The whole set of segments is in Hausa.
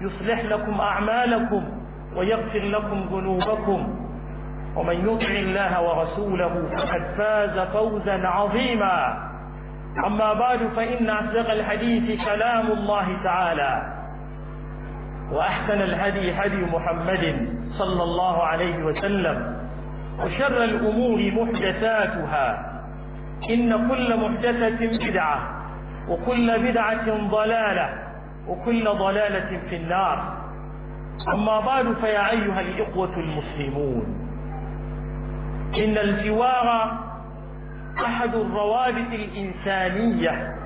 يصلح لكم أعمالكم ويغفر لكم ذنوبكم ومن يطع الله ورسوله فقد فاز فوزا عظيما أما بعد فإن أصدق الحديث كلام الله تعالى وأحسن الهدي هدي محمد صلى الله عليه وسلم وشر الأمور محدثاتها إن كل محدثة بدعة وكل بدعة ضلالة وكل ضلالة في النار أما بعد فيا أيها الإخوة المسلمون إن الجوار أحد الروابط الإنسانية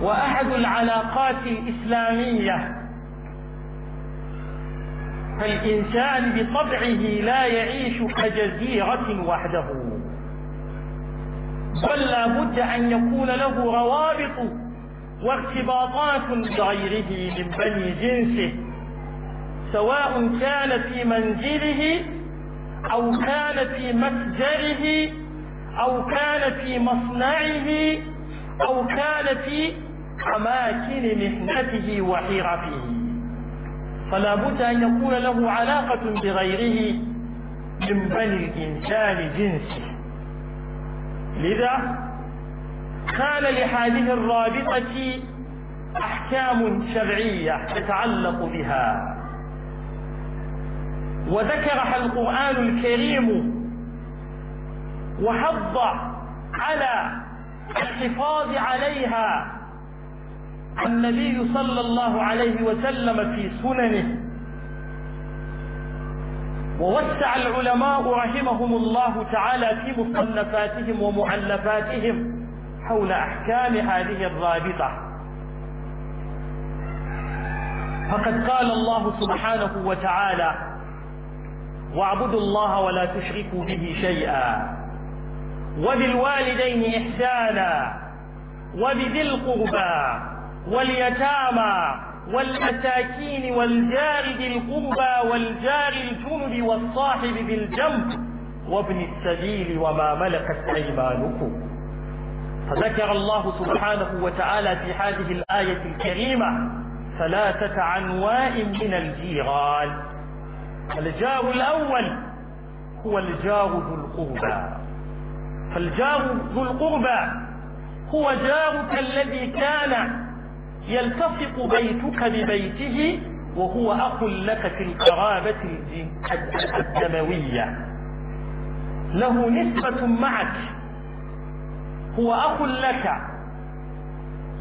وأحد العلاقات الإسلامية فالإنسان بطبعه لا يعيش كجزيرة وحده بل لابد أن يكون له روابط واختباطات بغيره من بني جنسه سواء كان في منزله أو كان في متجره أو كان في مصنعه أو كان في أماكن مهنته وحرفه فلا بد أن يكون له علاقة بغيره من بني الإنسان جنسه لذا قال لهذه الرابطة أحكام شرعية تتعلق بها وذكرها القرآن الكريم وحض على الحفاظ عليها النبي صلى الله عليه وسلم في سننه ووسع العلماء رحمهم الله تعالى في مصنفاتهم ومؤلفاتهم حول أحكام هذه الرابطة فقد قال الله سبحانه وتعالى واعبدوا الله ولا تشركوا به شيئا وبالوالدين إحسانا وبذي القربى واليتامى والمساكين والجار ذي القربى والجار الجنب والصاحب بالجنب وابن السبيل وما ملكت أيمانكم فذكر الله سبحانه وتعالى في هذه الآية الكريمة ثلاثة عنواء من الجيران الجار الأول هو الجار ذو القربى فالجار ذو القربى هو جارك الذي كان يلتصق بيتك ببيته وهو أخ لك في القرابة الدموية له نسبة معك هو أخ لك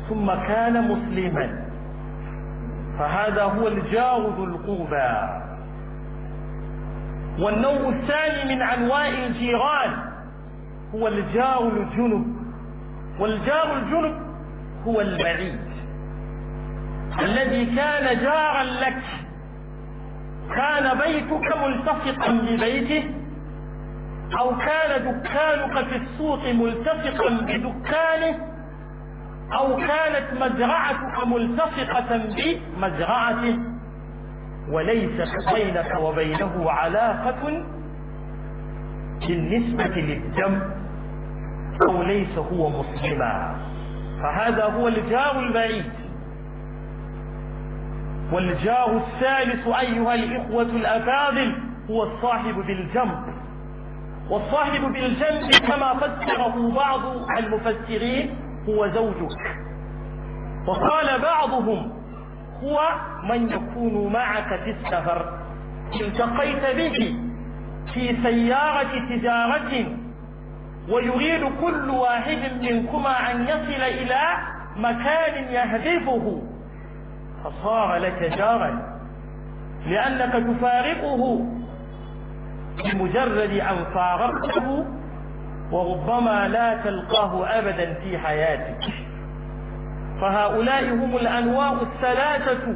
ثم كان مسلما فهذا هو الجار ذو القوبى والنوع الثاني من أنواع الجيران هو الجار الجنب والجار الجنب هو البعيد الذي كان جارا لك كان بيتك ملتصقا ببيته أو كان دكانك في السوق ملتصقا بدكانه أو كانت مزرعتك ملتصقة بمزرعته وليس بينك وبينه علاقة بالنسبة للدم أو ليس هو مسلما فهذا هو الجار البعيد والجار الثالث أيها الإخوة الأفاضل هو الصاحب بالجنب والصاحب بالجنب كما فسره بعض المفسرين هو زوجك وقال بعضهم هو من يكون معك في السفر التقيت به في سيارة تجارة ويريد كل واحد منكما أن يصل إلى مكان يهدفه فصار لك جارا لأنك تفارقه بمجرد أن فارقته وربما لا تلقاه أبدا في حياتك فهؤلاء هم الأنواع الثلاثة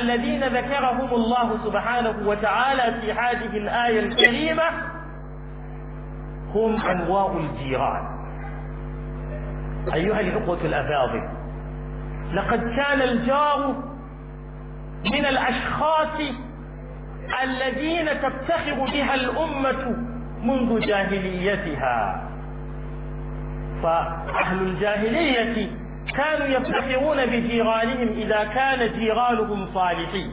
الذين ذكرهم الله سبحانه وتعالى في هذه الآية الكريمة هم أنواع الجيران أيها الإخوة الأفاضل لقد كان الجار من الأشخاص الذين تفتخر بها الأمة منذ جاهليتها فأهل الجاهلية كانوا يفتخرون بجيرانهم إذا كان جيرانهم صالحين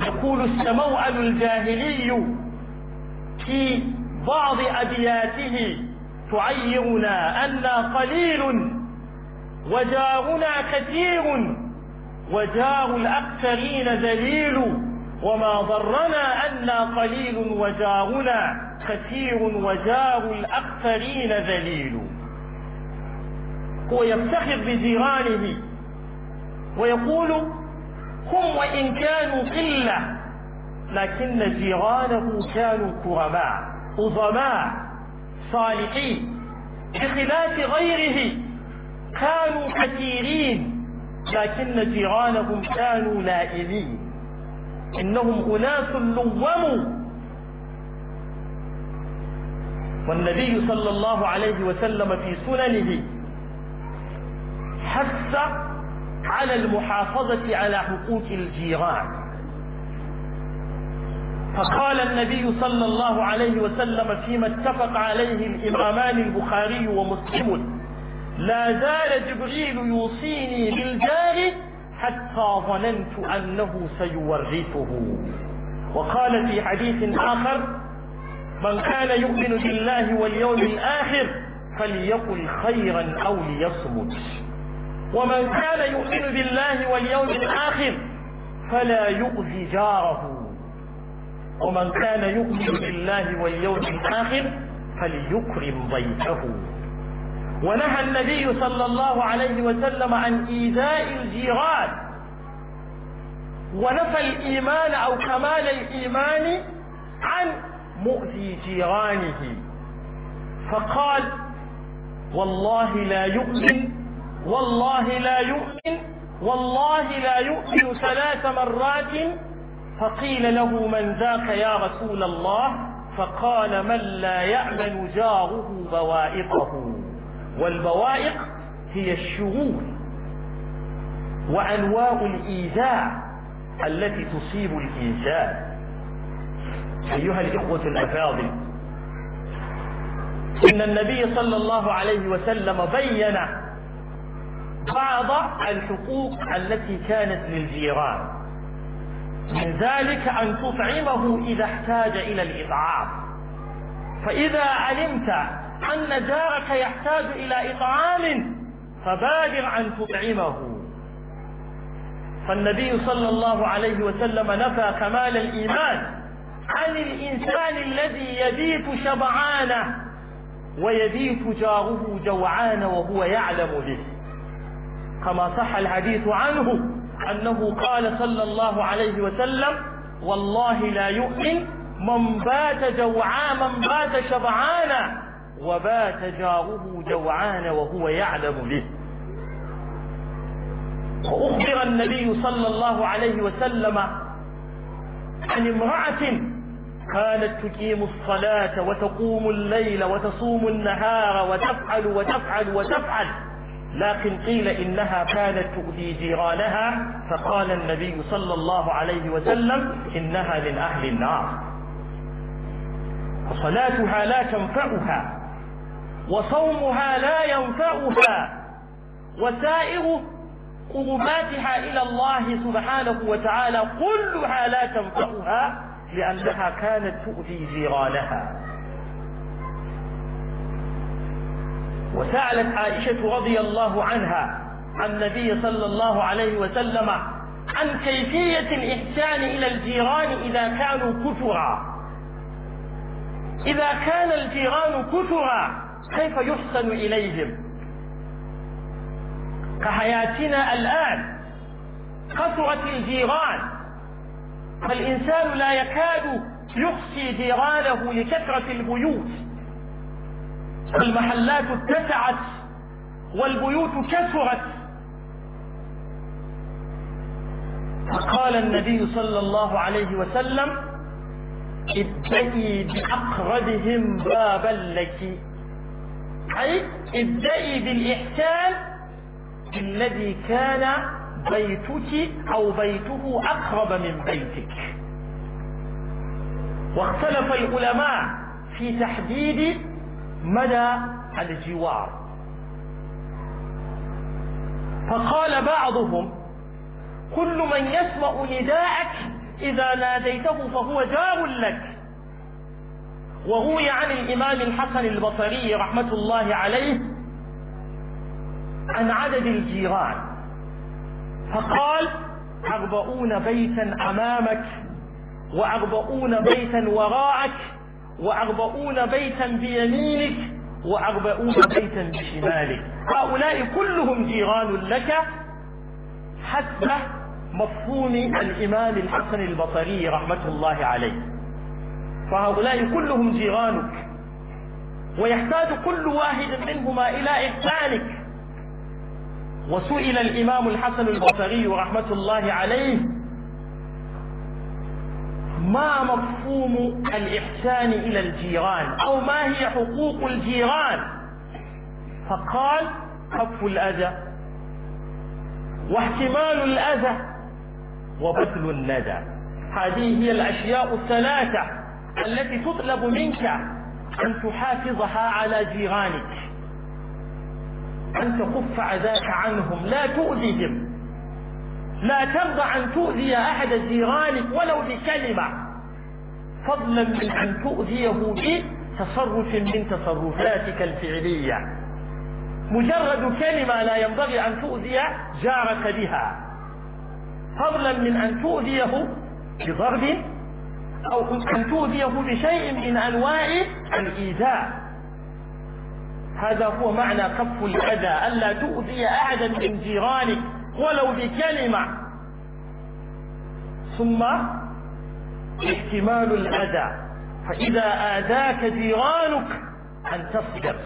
يقول السموأل الجاهلي في بعض أبياته تعيرنا أنا قليل وجارنا كثير وجاه الأكثرين ذليل وما ضرنا أنا قليل وجاهنا كثير وجاه الأكثرين ذليل هو يفتخر بجيرانه ويقول هم وإن كانوا قلة لكن جيرانه كانوا كرماء عظماء صالحين بخلاف غيره كانوا كثيرين لكن جيرانهم كانوا نائلين إنهم أناس لوموا والنبي صلى الله عليه وسلم في سننه حث على المحافظة على حقوق الجيران فقال النبي صلى الله عليه وسلم فيما اتفق عليه الإمامان البخاري ومسلم لا زال جبريل يوصيني بالجار حتى ظننت أنه سيورثه وقال في حديث آخر من كان يؤمن بالله واليوم الآخر فليقل خيرا أو ليصمت ومن كان يؤمن بالله واليوم الآخر فلا يؤذي جاره ومن كان يؤمن بالله واليوم الآخر فليكرم ضيفه ونهى النبي صلى الله عليه وسلم عن إيذاء الجيران ونفى الإيمان أو كمال الإيمان عن مؤذي جيرانه فقال والله لا يؤمن والله لا يؤمن والله لا يؤمن ثلاث مرات فقيل له من ذاك يا رسول الله فقال من لا يعمل جاره بوائقه والبوائق هي الشغول وأنواع الإيذاء التي تصيب الإنسان أيها الإخوة الأفاضل إن النبي صلى الله عليه وسلم بين بعض الحقوق التي كانت للجيران من ذلك أن تطعمه إذا احتاج إلى الإطعام فإذا علمت أن جارك يحتاج إلى إطعام فبادر أن تطعمه فالنبي صلى الله عليه وسلم نفى كمال الإيمان عن الإنسان الذي يبيت شبعانه ويبيت جاره جوعان وهو يعلم به كما صح الحديث عنه أنه قال صلى الله عليه وسلم والله لا يؤمن من بات جوعان من بات شبعانا وبات جاره جوعان وهو يعلم به وأخبر النبي صلى الله عليه وسلم عن امرأة كانت تقيم الصلاة وتقوم الليل وتصوم النهار وتفعل وتفعل وتفعل لكن قيل إنها كانت تؤذي جيرانها فقال النبي صلى الله عليه وسلم إنها من أهل النار فصلاتها لا تنفعها وصومها لا ينفعها وسائر قرباتها إلى الله سبحانه وتعالى كلها لا تنفعها لأنها كانت تؤذي جيرانها وسألت عائشة رضي الله عنها عن النبي صلى الله عليه وسلم عن كيفية الإحسان إلى الجيران إذا كانوا كثرا إذا كان الجيران كثرا كيف يحسن إليهم كحياتنا الآن كثرت الجيران فالإنسان لا يكاد يخشي جيرانه لكثرة البيوت المحلات اتسعت والبيوت كثرت فقال النبي صلى الله عليه وسلم ابتئي بأقربهم بابا لك عليك ابدأي بالإحسان الذي كان بيتك أو بيته أقرب من بيتك واختلف العلماء في تحديد مدى الجوار فقال بعضهم كل من يسمع نداءك إذا ناديته فهو جار لك وروي عن الإمام الحسن البصري رحمة الله عليه عن عدد الجيران فقال أربعون بيتا أمامك وأربعون بيتا وراءك وأربعون بيتا بيمينك وأربعون بيتا بشمالك هؤلاء كلهم جيران لك حسب مفهوم الإمام الحسن البصري رحمة الله عليه وهؤلاء كلهم جيرانك ويحتاج كل واحد منهما إلى إحسانك وسئل الإمام الحسن البصري رحمة الله عليه ما مفهوم الإحسان إلى الجيران أو ما هي حقوق الجيران فقال خف الأذى واحتمال الأذى وبذل الندى هذه هي الأشياء الثلاثة التي تطلب منك أن تحافظها على جيرانك أن تكف عذاك عنهم لا تؤذيهم لا ترضى أن تؤذي أحد جيرانك ولو بكلمة فضلا من أن تؤذيه بتصرف من تصرفاتك الفعلية مجرد كلمة لا ينبغي أن تؤذي جارك بها فضلا من أن تؤذيه بضرب أو أن تؤذيه بشيء من أنواع الإيذاء هذا هو معنى كف الأذى ألا تؤذي أحدا من جيرانك ولو بكلمة ثم احتمال الأذى فإذا آذاك جيرانك أن تصبر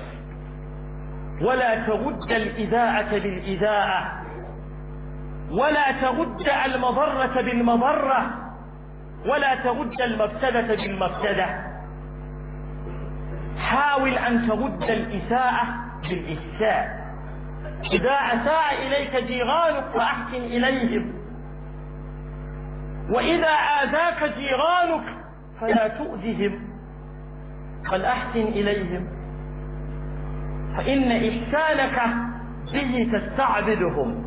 ولا ترد الإذاعة بالإذاعة ولا ترد المضرة بالمضرة ولا ترد المفسدة بالمفسدة حاول أن ترد الإساءة بالإساء إذا أساء إليك جيرانك فأحسن إليهم وإذا آذاك جيرانك فلا تؤذهم بل أحسن إليهم فإن إحسانك به تستعبدهم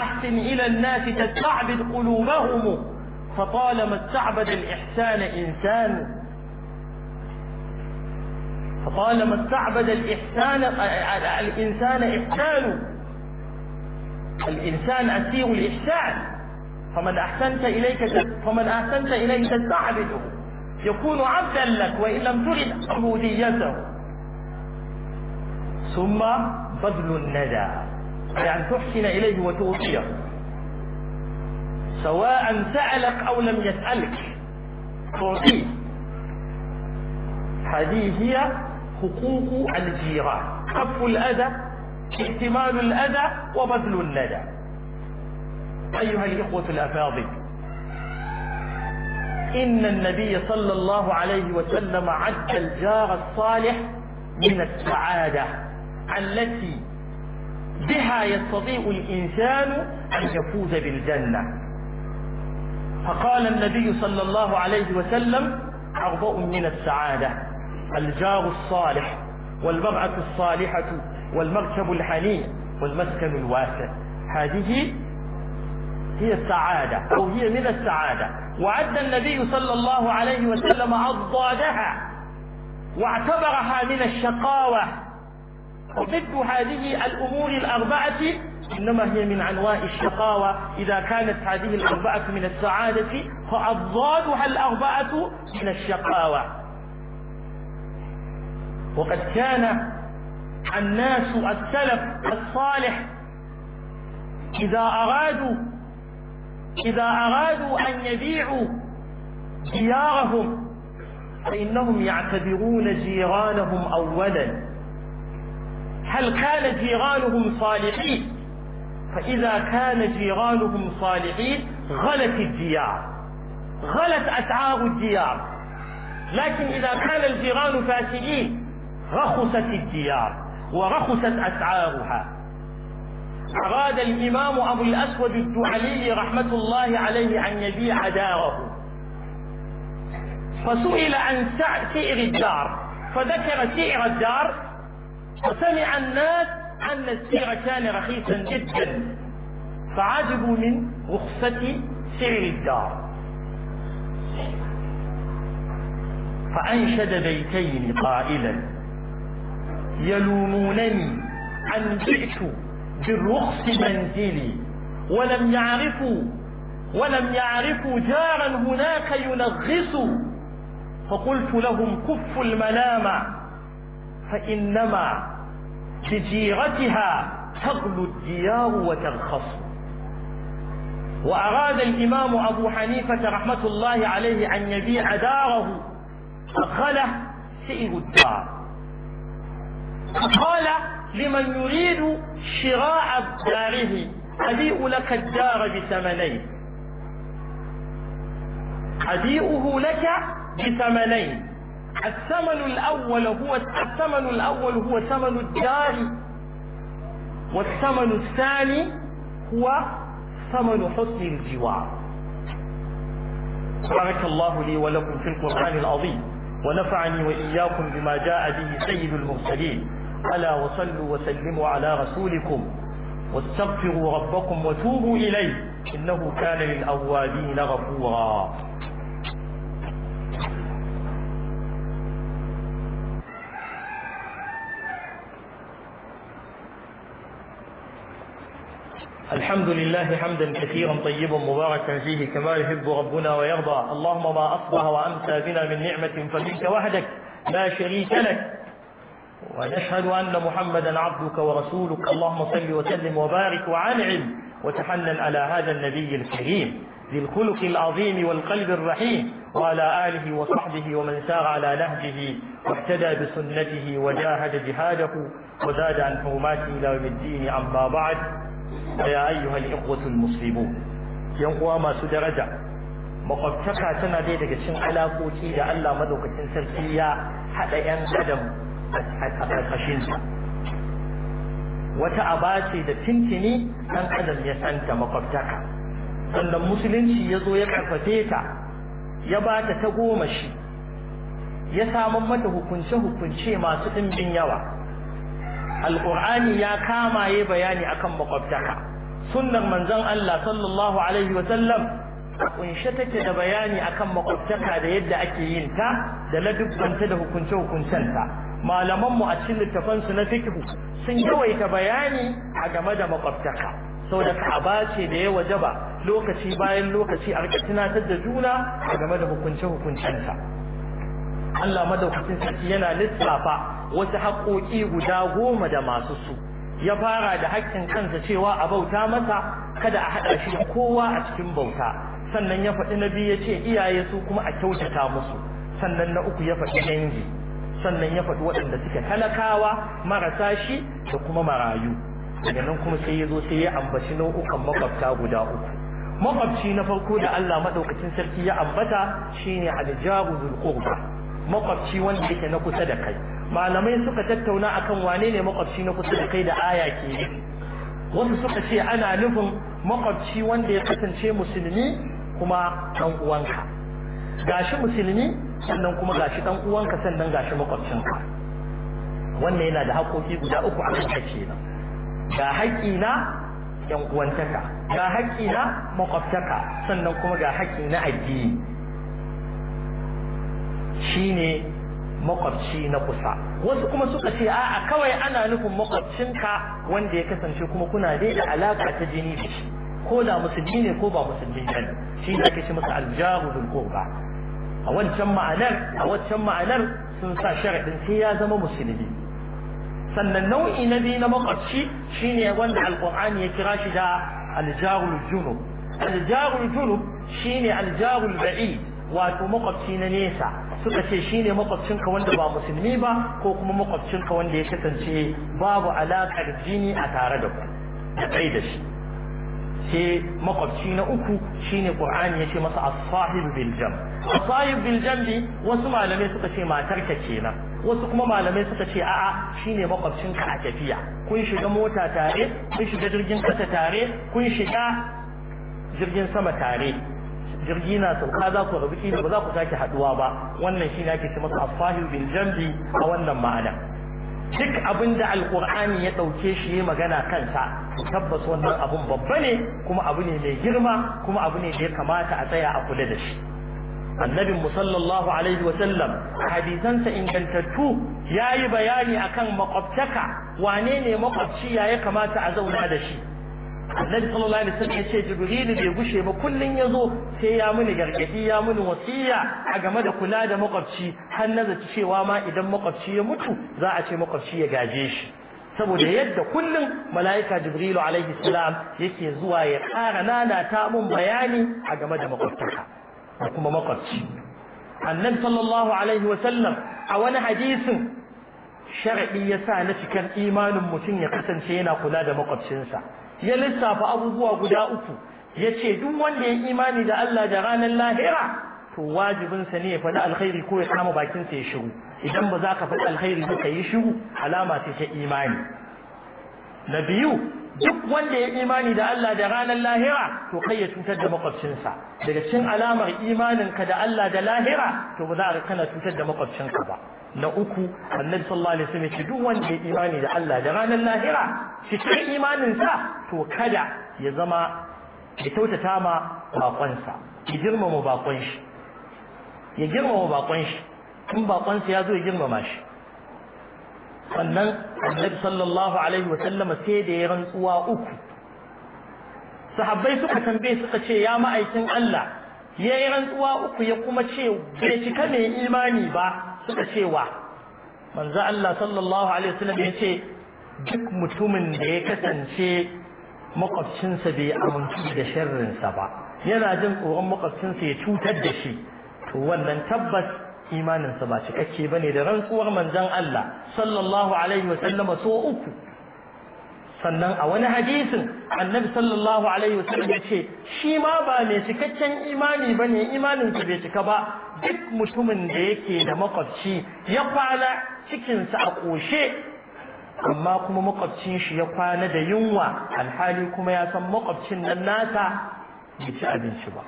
أحسن إلى الناس تستعبد قلوبهم فطالما استعبد الإحسان إنسان فطالما استعبد الإحسان الإنسان إحسان الإنسان أسير الإحسان فمن أحسنت إليك فمن أحسنت إليه تستعبده يكون عبدا لك وإن لم ترد عبوديته ثم بذل الندى يعني تحسن إليه وتوصيه سواء سألك أو لم يسألك تعطيه هذه هي حقوق الجيران كف الأذى احتمال الأذى وبذل الندى أيها الإخوة الأفاضل إن النبي صلى الله عليه وسلم عد الجار الصالح من السعادة التي بها يستطيع الإنسان أن يفوز بالجنة فقال النبي صلى الله عليه وسلم عرضاء من السعادة الجار الصالح والمرأة الصالحة والمركب الحنين والمسكن الواسع هذه هي السعادة أو هي من السعادة وعد النبي صلى الله عليه وسلم عضادها واعتبرها من الشقاوة ومثل هذه الأمور الأربعة إنما هي من عنواء الشقاوة إذا كانت هذه الأربعة من السعادة فأضادها الأربعة من الشقاوة وقد كان الناس السلف الصالح إذا أرادوا إذا أرادوا أن يبيعوا ديارهم فإنهم يعتبرون جيرانهم أولا هل كان جيرانهم صالحين فإذا كان جيرانهم صالحين غلت الديار غلت أسعار الديار لكن إذا كان الجيران فاسدين رخصت الديار ورخصت أسعارها أراد الإمام أبو الأسود الدعلي رحمة الله عليه أن يبيع داره فسئل عن سعر الدار فذكر سعر الدار فسمع الناس أن السعر كان رخيصا جدا فعجبوا من رخصة سعر الدار فأنشد بيتين قائلا يلومونني أن جئت بالرخص منزلي ولم يعرفوا ولم يعرفوا جارا هناك ينغص فقلت لهم كفوا الملامة فإنما بجيرتها تغلو الديار وترخص وأراد الإمام أبو حنيفة رحمة الله عليه أن يبيع داره فقاله سئر الدار فقال لمن يريد شراء داره أبيع لك الدار بثمنين أبيعه لك بثمنين الثمن الأول هو الثمن الأول هو ثمن الدار والثمن الثاني هو ثمن حسن الجوار بارك الله لي ولكم في القرآن العظيم ونفعني وإياكم بما جاء به سيد المرسلين ألا وصلوا وسلموا على رسولكم واستغفروا ربكم وتوبوا إليه إنه كان للأوابين غفورا الحمد لله حمدا كثيرا طيبا مباركا فيه كما يحب ربنا ويرضى اللهم ما أصبح وأمسى بنا من نعمة فمنك وحدك لا شريك لك ونشهد أن محمدا عبدك ورسولك اللهم صل وسلم وبارك علم وتحنن على هذا النبي الكريم ذي الخلق العظيم والقلب الرحيم وعلى آله وصحبه ومن سار على نهجه واهتدى بسنته وجاهد جهاده وزاد عن حرماته إلى يوم الدين أما بعد ويا أيها الإخوة المسلمون ينقوى makwabtaka tana ɗaya daga cin alaƙoƙi da Allah madaukakin sarki ya haɗa 'yan adam a wata aba da tintini ɗan adam ya santa makwabtaka sannan musulunci ya zo ya karfafe ta ya ba ta goma shi, ya samun mata hukunce-hukunce masu ɗimbin yawa alƙur'ani ya kamaye bayani akan makwabtaka sunnar manzon Allah sallallahu alaihi wa sallam kunshe take da bayani akan makwabtaka da yadda ake yin ta da ladubbanta da hukunce ta malaman mu a cikin littafan su na fikhu sun yawaita bayani a game da makwabtaka saboda ka'aba ce da ya wajaba lokaci bayan lokaci a rika tunatar da juna a game da hukunce hukuncenta Allah madaukakin sarki yana lissafa wasu haƙoƙi guda goma da masu su ya fara da hakkin kansa cewa a bauta masa kada a haɗa shi kowa a cikin bauta sannan ya faɗi na biyu ya ce iyaye su kuma a kyautata musu sannan na uku ya faɗi dangi sannan ya faɗi waɗanda suke talakawa marasa shi da kuma marayu daga nan kuma sai ya zo sai ya ambaci nau'ukan makwabta guda uku makwabci na farko da Allah maɗaukacin sarki ya ambata shine aljaru zul qurba makwabci wanda yake na kusa da kai malamai suka tattauna akan wane ne makwabci na kusa da kai da aya ke wasu suka ce ana nufin makwabci wanda ya kasance musulmi kuma dan uwanka gashi musulmi sannan kuma gashi dan uwanka sannan gashi makwabcinka wannan yana da haƙoƙi guda uku a kanka kenan ga haƙƙi na yan uwantaka ga haƙƙi na makwabtaka sannan kuma ga haƙƙi na addini shine makwabci na kusa wasu kuma suka ce a'a kawai ana nufin makwabcinka wanda ya kasance kuma kuna dai da alaka ta jini da shi ko da musulmi ne ko ba musulmi ba ne shi ne ake ce masa aljahu qurba a wancan ma'anar a wancan ma'anar sun sa sharadin sai ya zama musulmi sannan nau'i na biyu na makwabci shine wanda alqur'ani ya kira shi da aljahul junub aljahul junub shine aljahul ba'id wato makwabci na nesa suka ce shine makwabcinka wanda ba musulmi ba ko kuma makwabcinka wanda ya kasance babu alaƙar jini a tare da ku da kai da shi sai makwabci na uku shine qur'ani yace masa as-sahib bil jam as-sahib bil jambi wasu malamai suka ce matarka kenan wasu kuma malamai suka ce a'a shine makwabcin a tafiya kun shiga mota tare kun shiga jirgin kasa tare kun shiga jirgin sama tare jirgi na sauka za ku rabu kila ba za ku sake haduwa ba wannan shi ne ake ce masa afahi bil jambi a wannan ma'ana duk abin da alkur'ani ya dauke shi ya magana kansa tabbas wannan abun babba ne kuma abu ne mai girma kuma abu ne da ya kamata a tsaya a kula da shi annabin sallallahu alaihi wa sallam hadisansa ingantattu yayi bayani akan makwabtaka wane ne makwabci ya ya kamata a zauna da shi annabi sallallahu alaihi wasallam jibrilu bai gushe ba kullun yazo sai ya muni gargadi ya muni wasiya a game da kula da makwabci har na zaci cewa ma idan makwabci ya mutu za a ce makwabci ya gaje shi saboda yadda kullum mala'ika jibrilu alaihi salam yake zuwa ya ƙara lalata mun bayani a game da makwabtaka da kuma makwabci annabi sallallahu alaihi wasallam a wani hadisin sharadi ya sa na cikin imanin mutum ya kasance yana kula da makwabcinsa ya lissafa abubuwa guda uku ya ce duk wanda ya imani da Allah da ranar lahira to wajibinsa ne ya faɗi alkhairi ko ya kama bakinsa ya shiru idan ba za ka faɗi alkhairi ba ka yi shiru alama ce ta imani na biyu duk wanda ya imani da Allah da ranar lahira to kai ya cutar da makwabcinsa daga cikin alamar imaninka da Allah da lahira to ba za ka kana cutar da makwabcinka ba na uku annabi sallallahu alaihi wasallam ce duk wanda ya imani da Allah da ranar lahira cikin imanin sa to kada ya zama ya tautata ma bakon sa ya girmama bakon shi ya girmama bakon shi in bakon sa ya zo ya girmama shi sannan annabi sallallahu alaihi wasallam sai da ya rantsuwa uku sahabbai suka tambaye suka ce ya ma'aikin Allah ya yi rantsuwa uku ya kuma ce bai cika mai imani ba suka ce wa manzo Allah sallallahu alaihi wasallam ya ce duk mutumin da ya kasance makwabcinsa bai amince da sharrinsa ba yana jin tsoron makwabcinsa ya cutar da shi to wannan tabbas imaninsa ba cikakke bane da rantsuwar manzon Allah sallallahu alaihi wasallam so uku sannan a wani hadisin annabi sallallahu alaihi wasallam ce shi ma ba mai cikakken imani ne imanin sa bai cika ba duk mutumin da yake da makwabci ya kwana cikinsa a ƙoshe, amma kuma makwabcin shi ya kwana da yunwa alhali kuma ya san makwabcin nan nata bai ci abinci ba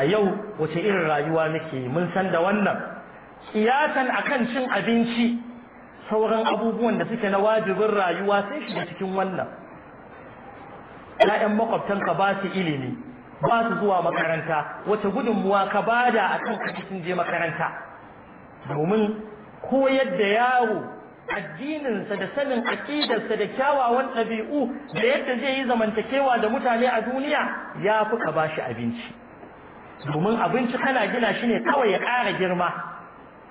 a yau wace irin rayuwa nake mun san da wannan kiyatan akan cin abinci sauran abubuwan da suke na wajibin rayuwa sai shiga cikin wannan ƴaƴan makwabtanka ba su ilimi ba su zuwa makaranta wace gudunmuwa ka bada a kan ka sun je makaranta domin koyar da yaro addininsa da sanin aƙidarsa da kyawawan ɗabi'u da yadda zai yi zamantakewa da mutane a duniya ya fi ka shi abinci domin abinci kana gina shi ne kawai ya ƙara girma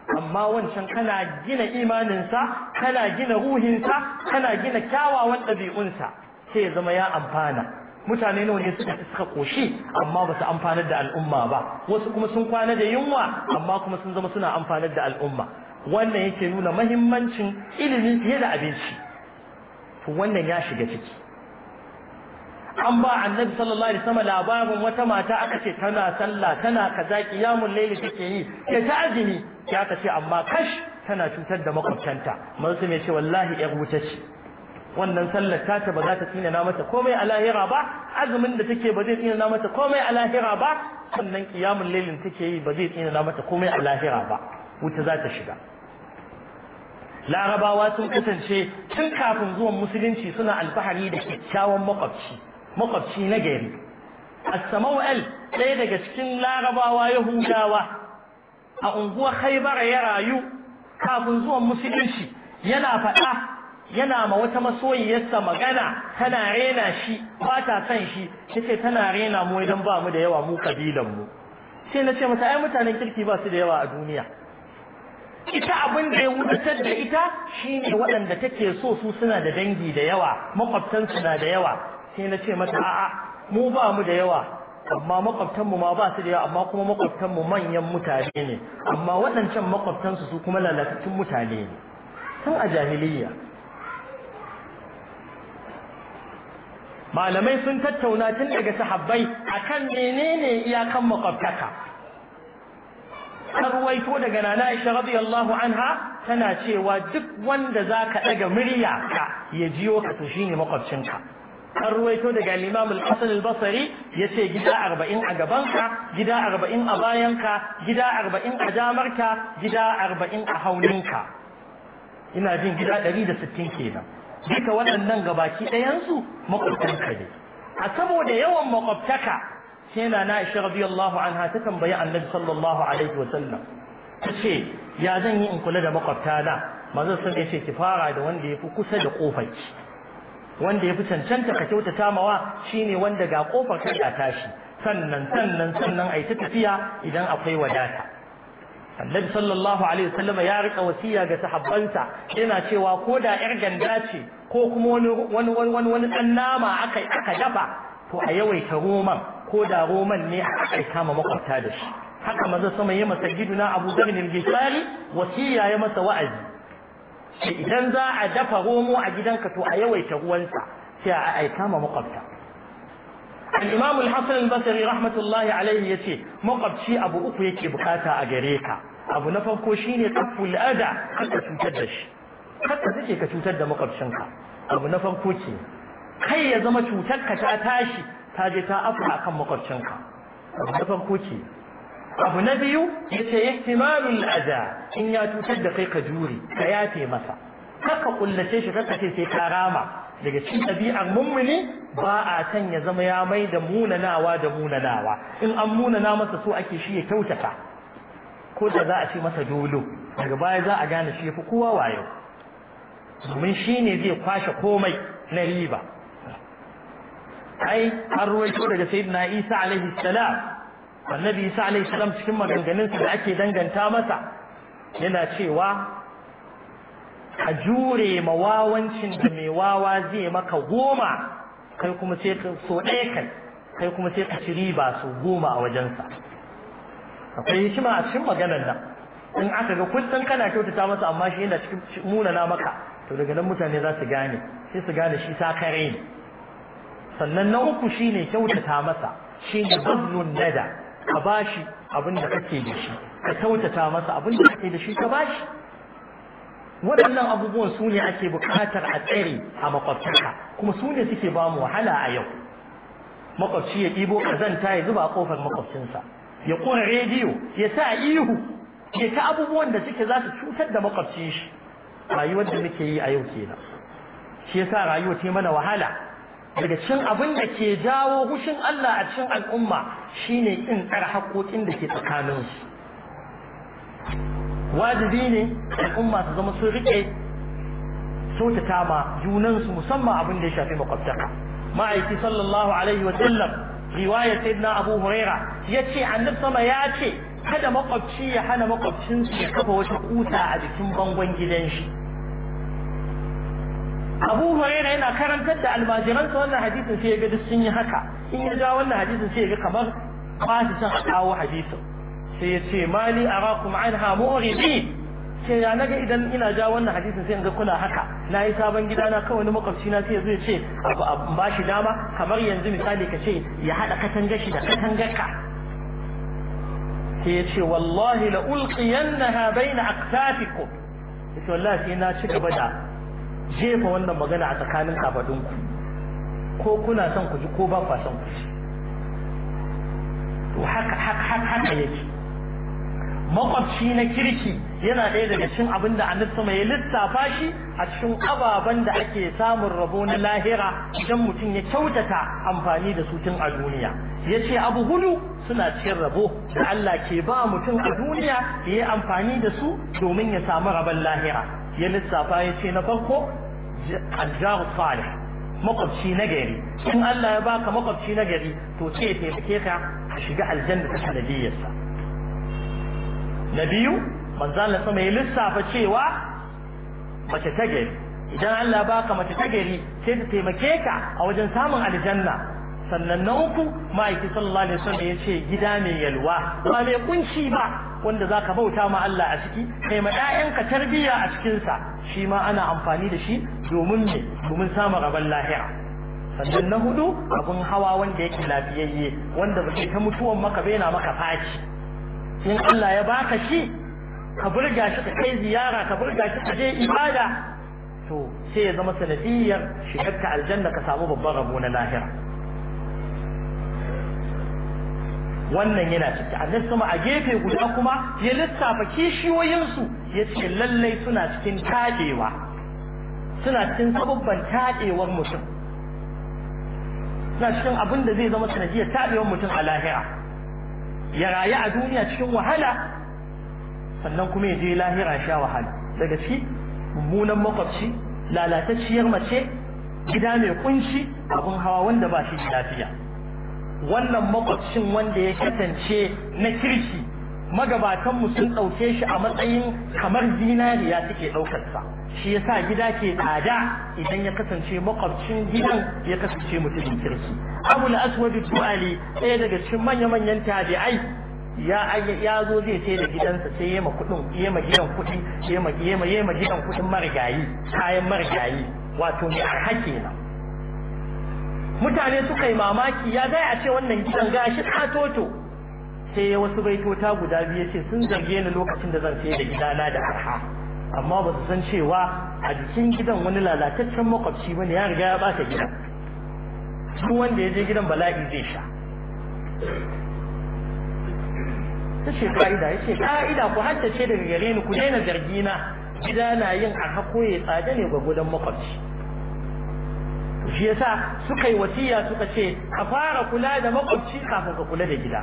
amma wancan kana gina imaninsa kana gina ruhinsa kana gina kyawawan ɗabi'unsa sai ya zama ya amfana mutane nawa ne suka suka koshi amma ba su amfanar da al'umma ba wasu kuma sun kwana da yunwa amma kuma sun zama suna amfanar da al'umma wannan yake nuna mahimmancin ilimi fiye da abinci to wannan ya shiga ciki an ba annabi sallallahu alaihi wasallam labarin wata mata aka ce tana sallah tana kaza qiyamul layli take yi ke ta azumi ya aka ce amma kash tana cutar da makwabtanta manzo mai ce wallahi ya wuta ce wannan sallar ta ta ba za ta tsina na mata komai a lahira ba azumin da take ba zai tsina na mata komai a lahira ba sannan qiyamul laylin take yi ba zai tsina na mata komai a lahira ba wuta za ta shiga larabawa sun kasance tun kafin zuwan musulunci suna alfahari da kyakkyawan makwabci makwabci na gari as-samawal ɗaya daga cikin larabawa yahudawa a unguwar haibara ya rayu kafin zuwan musulunci yana faɗa yana ma wata masoyiyarsa magana tana rena shi ba ta san shi tace tana rena mu idan ba mu da yawa mu kabilan mu sai na ce mata ai mutanen kirki ba su da yawa a duniya ita abin da ya wutar da ita shine waɗanda take so su suna da dangi da yawa makwabtansu na da yawa sai na ce mata a'a mu ba mu da yawa amma makwabtanmu ma ba su da yawa amma kuma makwabtanmu manyan mutane ne amma waɗancan makwabtansu su kuma lalatattun mutane ne tun a jahiliya malamai sun tattauna tun daga sahabbai akan menene iyakan makwabtaka ruwaito daga nana Aisha radiyallahu anha tana cewa duk wanda zaka daga murya ka ya jiyo ka to shine makwabcinka an ruwaito daga Limamul Al-Hasan Al-Basri yace gida arba'in a gabanka gida arba'in a bayanka gida arba'in a damarka gida arba'in a hauninka ina jin gida ɗari da sittin kenan duka waɗannan gabaki ɗayansu maƙwabtanka ne a saboda yawan maƙwabtaka sai na na Aisha radiyallahu anha ta tambayi Annabi sallallahu alaihi wa sallam tace ya zan yi in kula da maƙwabta makwabtana manzon sun ce ki fara da wanda ya fi kusa da kofarki wanda ya fi cancanta ka kyautata mawa shine wanda ga kofar kai a tashi sannan sannan sannan ai ta tafiya idan akwai wadata annabi sallallahu alaihi wasallam ya rika wasiya ga sahabbansa yana cewa ko da yar ganda ce ko kuma wani wani wani wani dan nama aka aka dafa to a yawaita roman ko da roman ne aka kama makwabta da shi haka maza sama yi masa giduna Abu a al-Ghifari wasiya ya masa wa'azi idan za a dafa homo a gidanka to a yawaita ruwansa sai a aika ma makwabta al-imam al al rahmatullahi alaihi ce makwabci abu uku yake bukata a gare ka abu na farko shine kaful ada kada cutar da shi kada take ka cutar da makwabcinka abu na farko ce kai ya zama cutar ka ta tashi ta je ta afa akan makwabcinka abu na farko ce abu na biyu ya ce yace ihtimalul da in ya cutar da kai ka jure ka yafe masa kaka kullace shi kaka ce sai ka rama daga cikin ɗabi'ar mummuni ba a san ya zama ya mai da munanawa da munanawa in an munana masa so ake shi ya kyautata ko da za a ce masa dolo daga baya za a gane shi ya fi kowa wayo domin shi ne zai kwashe komai na riba ai an ruwaito daga sayyidina isa alaihi salam annabi isa alaihi salam cikin maganganunsa da ake danganta masa yana cewa a jure ma da mai wawa zai maka goma kai kuma sai ka so ɗaya kai kai kuma sai ka ci riba so goma a wajensa akwai ma a cikin maganar nan in aka ga kullum kana kyautata masa amma shi yana cikin munana maka to daga nan mutane za su gane sai su gane shi ta ne sannan na uku shine kyautata masa shine bazlun nada ka bashi abin da kake da shi ka ta'utata masa abin da kake da shi ka bashi waɗannan abubuwan su ne ake buƙatar a tsare a makwabtaka kuma su ne suke ba mu wahala a yau makwabci ya ɗibo ƙazanta ya zuba ƙofar makwabcinsa ya ƙona rediyo ya sa ihu ya ta abubuwan da suke za su cutar da makwabcin shi rayuwar da muke yi a yau kenan shi yasa rayuwa ta mana wahala daga cin abin da ke jawo hushin Allah a cikin al'umma shine kin tsar haƙoƙin da ke tsakanin su wajibi ne al'umma su zama sun rike sautata ma junan su musamman abin da ya shafi makwabtaka ma'aiki sallallahu alaihi wa sallam Riwaya sayyidina abu huraira yace annabi sama ya ce kada makwabci ya hana makwabcinsa ya kafa wata kuta a jikin bangon gidan shi abu huraira yana karantar da almajiransa wannan hadisin sai ya ga duk sun yi haka in ya ja wannan hadisin sai ya ga kamar ba su san kawo hadisin sai ya ce mali arakum anha mu'ridi sai ya naga idan ina ja wannan hadisin sai in ga kuna haka na yi sabon gida na kawai makwabci na sai ya zo ya ce abu ba shi dama kamar yanzu misali ka ce ya hada katangar shi da katangarka sai ya ce wallahi la ulqiyannaha baina aqtafikum sai wallahi sai na ci gaba da jefa wannan magana a tsakanin kafadunku ko kuna son ku ji ko ba kwa son ku ji to haka haka haka yake makwabci na kirki yana ɗaya daga cikin abin da annabi sama ya lissafa shi a cikin ababen da ake samun rabo na lahira idan mutum ya kyautata amfani da su tun a duniya ya ce abu hudu suna cikin rabo da Allah ke ba mutum a duniya ya yi amfani da su domin ya samu rabon lahira ya lissafa ya ce na farko aljaru salih makwabci na gari in Allah ya baka makwabci na gari to ce ya taimake ka ka shiga aljanna ta sanadiyyarsa na biyu manzan na sama ya lissafa cewa mace ta gari idan Allah ya baka mace ta gari sai ta taimake ka a wajen samun aljanna sannan na uku ma'aiki sallallahu alaihi wasallam ya ce gida mai yalwa ba mai kunshi ba wanda za ka bauta ma Allah a ciki kai ma ƴaƴanka tarbiyya a cikinsa shi ma ana amfani da shi domin ne domin samun rabon lahira sannan na hudu abun hawa wanda yake lafiyayye wanda ba ta mutuwan maka bai na maka faci in Allah ya baka shi ka burga shi ka kai ziyara ka burga shi ka je ibada to sai ya zama sanadiyyar shigarka aljanna ka samu babban rabo na lahira wannan yana ciki annabi sama a gefe guda kuma ya lissafa kishiyoyinsu ya ce lallai suna cikin taɗewa suna cikin sababban taɗewar mutum suna cikin abin da zai zama sanadiyar taɗewar mutum a lahira ya rayu a duniya cikin wahala sannan kuma ya je lahira sha wahala daga ciki mummunan makwabci lalatacciyar mace gida mai kunci abin hawa wanda ba shi lafiya wannan makwabcin wanda ya kasance na kirki magabatanmu sun ɗauke shi a matsayin kamar zinariya suke ɗaukarsa shi ya sa gida ke tsada idan ya kasance makwabcin gidan ya kasance mutumin kirki abul aswad tuwali ɗaya daga cikin manya-manyan tabi'ai ya ya zo zai sai da gidansa sai yema kuɗin yema gidan kuɗi yema yema yema gidan kuɗin marigayi kayan marigayi wato mai arha kenan mutane suka yi mamaki ya zai a ce wannan gidan gashi katoto sai ya wasu baitota guda biyu ce sun zarge ni lokacin da zan sayar da gidana da arha amma ba su san cewa a jikin gidan wani lalataccen makwabci ba ne ya riga ya bata gidan duk wanda ya je gidan bala'i zai sha ta ce ka'ida ya ce ka'ida ku haddace daga gare ni ku daina zargina gida na yin arha ko ya tsada ne ga makwabci shi yasa suka yi wasiya suka ce ka fara kula da makwabci kafin ka kula da gida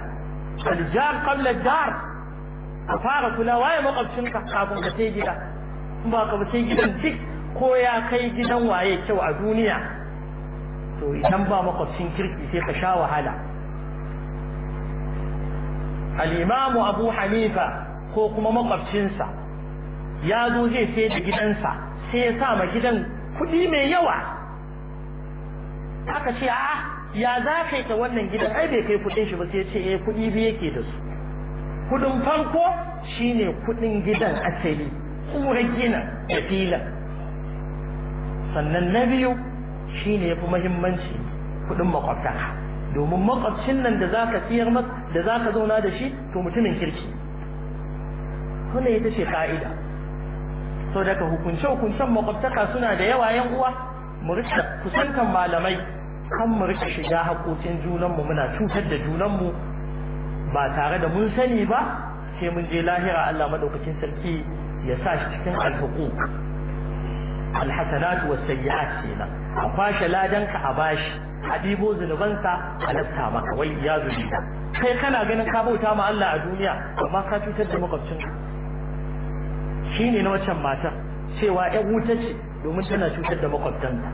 aljar qabla dar ka fara kula waye makwabcin ka kafin ka sai gida in ba ka ba sai gidan duk ko ya kai gidan waye kyau a duniya to idan ba makwabcin kirki sai ka sha wahala al-imamu abu hanifa ko kuma makwabcinsa ya zo zai sai da gidansa sai ya sa ma gidan kuɗi mai yawa aka ce a ya za ka yi ta wannan gidan ai bai kai kuɗin shi ba sai ce eh kuɗi biyu yake da su kuɗin farko shine kuɗin gidan asali kuma gina da fila sannan na biyu shine yafi muhimmanci kuɗin makwabta domin makwabcin nan da zaka siyar masa da zaka zauna da shi to mutumin kirki wannan ita ce ka'ida so daga hukunce hukuncen makwabtaka suna da yawa yan uwa mu rika kusantan malamai kan mu rika shiga haƙoƙin junanmu muna cutar da junanmu ba tare da mun sani ba sai mun je lahira Allah madaukakin sarki ya sa shi cikin alhuquq alhasanat was sayyi'at kenan a kwashe ladanka a bashi a dibo zunubansa a lafta maka wai ya zubi kai kana ganin ka bauta ma Allah a duniya amma ka cutar da makwabcinka shine na waccan matar cewa ƴan wuta ce domin tana cutar da makwabtanta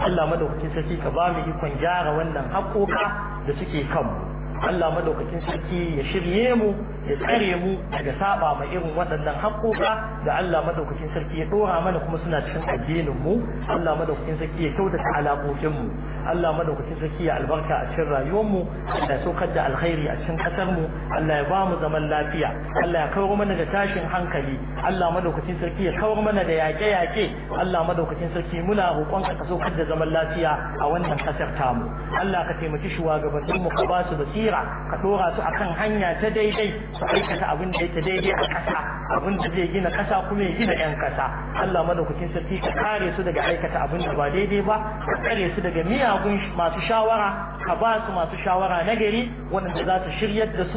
Allah madaukakin sarki ka ba mu ikon gyara wannan haƙoƙa da suke kanmu Allah madaukakin sarki ya shirye mu ya tsare mu daga saba ma irin waɗannan haƙoƙa da Allah madaukakin sarki ya dora mana kuma suna cikin addinin mu Allah madaukakin sarki ya kyautata alaƙoƙin mu Allah madaukakin sarki ya albarka a cikin rayuwar mu Allah ya saukar da alkhairi a cikin ƙasar mu Allah ya ba mu zaman lafiya Allah ya kawar mana da tashin hankali Allah madaukakin sarki ya kawar mana da yaƙe-yaƙe Allah madaukakin sarki muna roƙon ka saukar da zaman lafiya a wannan ƙasar tamu Allah ka taimaki shugabannin ka ba su basira ka dora su akan hanya ta daidai su aikata abin da yake daidai a kasa abin da zai gina kasa kuma ya gina yan kasa Allah madaukakin sarki ka kare su daga aikata abin da ba daidai ba ka kare su daga miyagun masu shawara ka ما تشاورا نجري shawara ذات gari wanda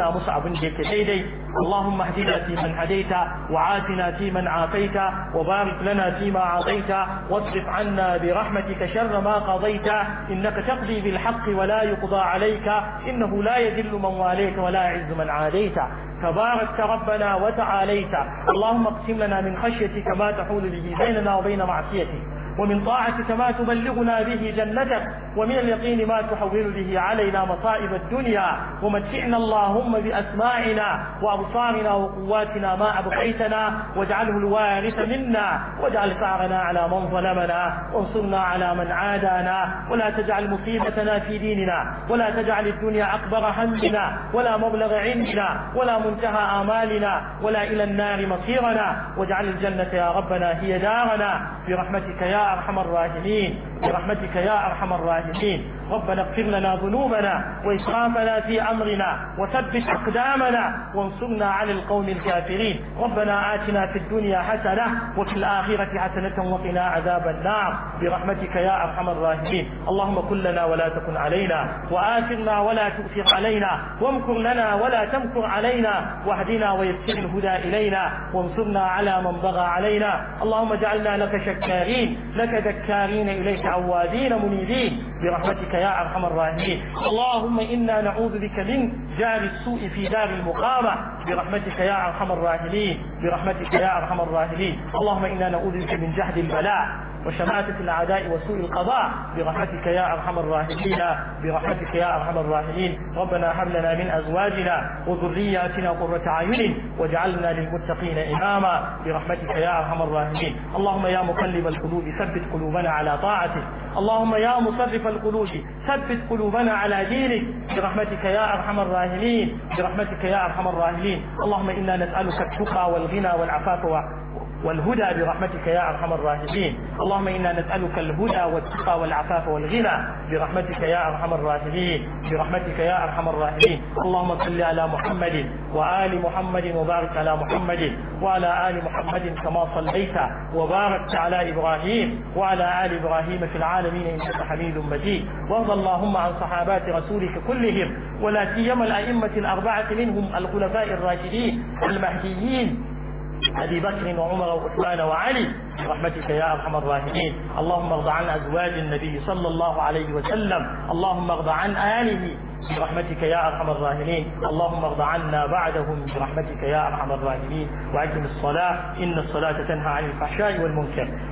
za مصعب shiryar da اللهم اهدنا فيمن هديت وعافنا فيمن عافيت وبارك لنا فيما عطيت واصرف عنا برحمتك شر ما قضيت انك تقضي بالحق ولا يقضى عليك انه لا يذل من واليت ولا يعز من عاديت تبارك ربنا وتعاليت اللهم اقسم لنا من خشيتك ما تحول به بيننا وبين معصيتك ومن طاعتك ما تبلغنا به جنتك ومن اليقين ما تحول به علينا مصائب الدنيا ومتعنا اللهم بأسماعنا وأبصارنا وقواتنا ما أبقيتنا واجعله الوارث منا واجعل ثارنا على من ظلمنا وانصرنا على من عادانا ولا تجعل مصيبتنا في ديننا ولا تجعل الدنيا أكبر همنا ولا مبلغ علمنا ولا منتهى آمالنا ولا إلى النار مصيرنا واجعل الجنة يا ربنا هي دارنا برحمتك يا يا أرحم الراحمين برحمتك يا ارحم الراحمين ربنا اغفر لنا ذنوبنا واسرافنا في امرنا وثبت اقدامنا وانصرنا على القوم الكافرين ربنا اتنا في الدنيا حسنه وفي الاخره حسنه وقنا عذاب النار برحمتك يا ارحم الراحمين اللهم كن لنا ولا تكن علينا واثرنا ولا تؤثر علينا وامكر لنا ولا تمكر علينا واهدنا ويسر الهدى الينا وانصرنا على من بغى علينا اللهم اجعلنا لك شكارين لك ذكارين اليك أوابين منيبين برحمتك يا أرحم الراحمين اللهم إنا نعوذ بك من جار السوء في دار المقامة برحمتك يا أرحم الراحمين برحمتك يا أرحم الراحمين اللهم إنا نعوذ بك من جهد البلاء وشماتة الأعداء وسوء القضاء برحمتك يا أرحم الراحمين برحمتك يا أرحم الراحمين ربنا هب لنا من أزواجنا وذرياتنا قرة أعين واجعلنا للمتقين إماما برحمتك يا أرحم الراحمين اللهم يا مقلب القلوب ثبت قلوبنا على طاعتك اللهم يا مصرف القلوب ثبت قلوبنا على دينك برحمتك يا أرحم الراحمين برحمتك يا أرحم الراحمين اللهم إنا نسألك التقى والغنى والعفاف والهدى برحمتك يا أرحم الراحمين اللهم إنا نسألك الهدى والتقى والعفاف والغنى برحمتك يا أرحم الراحمين برحمتك يا أرحم الراحمين اللهم صل على محمد وآل محمد وبارك على محمد وعلى آل محمد كما صليت وباركت على إبراهيم وعلى آل إبراهيم في العالمين إنك حميد مجيد وارض اللهم عن صحابات رسولك كلهم ولا سيما الأئمة الأربعة منهم الخلفاء الراشدين المهديين ابي بكر وعمر وعثمان وعلي برحمتك يا ارحم الراحمين، اللهم ارض عن ازواج النبي صلى الله عليه وسلم، اللهم ارض عن اله برحمتك يا ارحم الراحمين، اللهم ارض عنا بعدهم برحمتك يا ارحم الراحمين، واقم الصلاه ان الصلاه تنهى عن الفحشاء والمنكر.